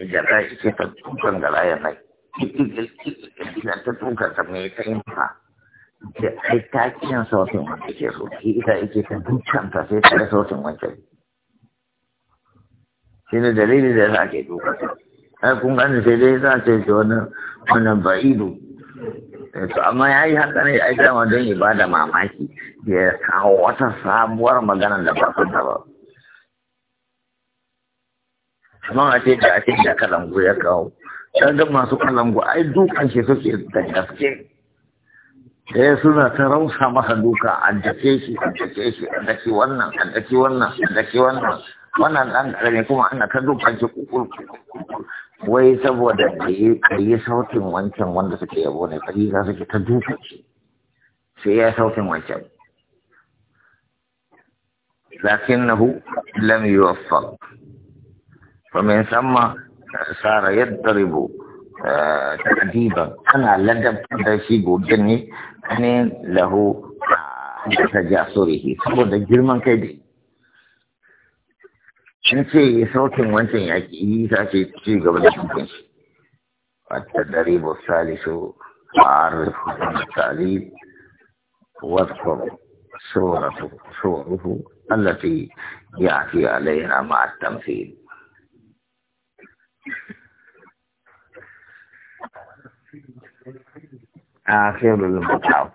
jata ike ta tukan da layan nai idan ta tukan ta mai ta yin fa da ai ta kiyan sautin wanda ke so ki ita ike ta tukan ta sai ta sautin wancan shi ne dalili da yasa ke tukan ta ai kun gani sai dai za ce ki wani wannan ba'idu to amma ya yi haka ne ai dama don ibada mamaki ya kawo wata sabuwar magana da ba ta ba kamar a ce da a ce da kalangu ya kawo ga masu kalangu ai dukan shi suke da gaske sai eh, suna ta rausa masa duka a dake shi a dake shi a dake wannan a dake wannan a dake wannan wannan dan karami kuma ana ta dukan shi kukul wai saboda kayi sautin wancan wanda suke yabo ne kai za su ke ta dukan shi sai ya sautin wancan لكنه لم يوفق فمن ثم صار يضرب آه، تأديبا أنا لدب هذا شيء بوجني أنا له تجاسره سبب الجرم كذي شنتي سوتين وانتي يعني إذا شيء شيء قبل شنتي التدريب الثالث عارف التعليم واذكر سورته سورته التي يعفي عليها مع التمثيل akhirul mutaw